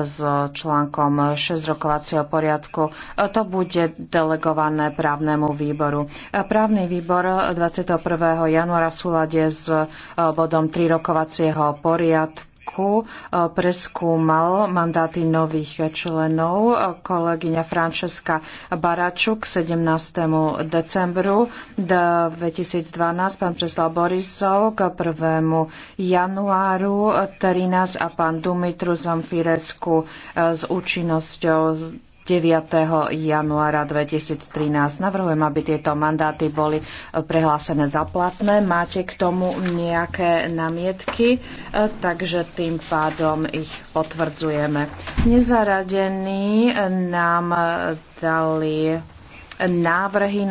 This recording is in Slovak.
s článkom 6 rokovacieho poriadku. To bude delegované právnemu výboru. Právny výbor 21. januára v súlade s bodom 3 rokovacieho poriadku roku e, preskúmal mandáty nových členov. E, kolegyňa Francesca Baračuk 17. decembru 2012, pán Preslav Borisov k 1. januáru 13 e, a pán Dumitru Zamfiresku s účinnosťou 9. januára 2013. Navrhujem, aby tieto mandáty boli prehlásené za platné. Máte k tomu nejaké namietky, e, takže tým pádom ich potvrdzujeme. Nezaradení nám dali návrhy na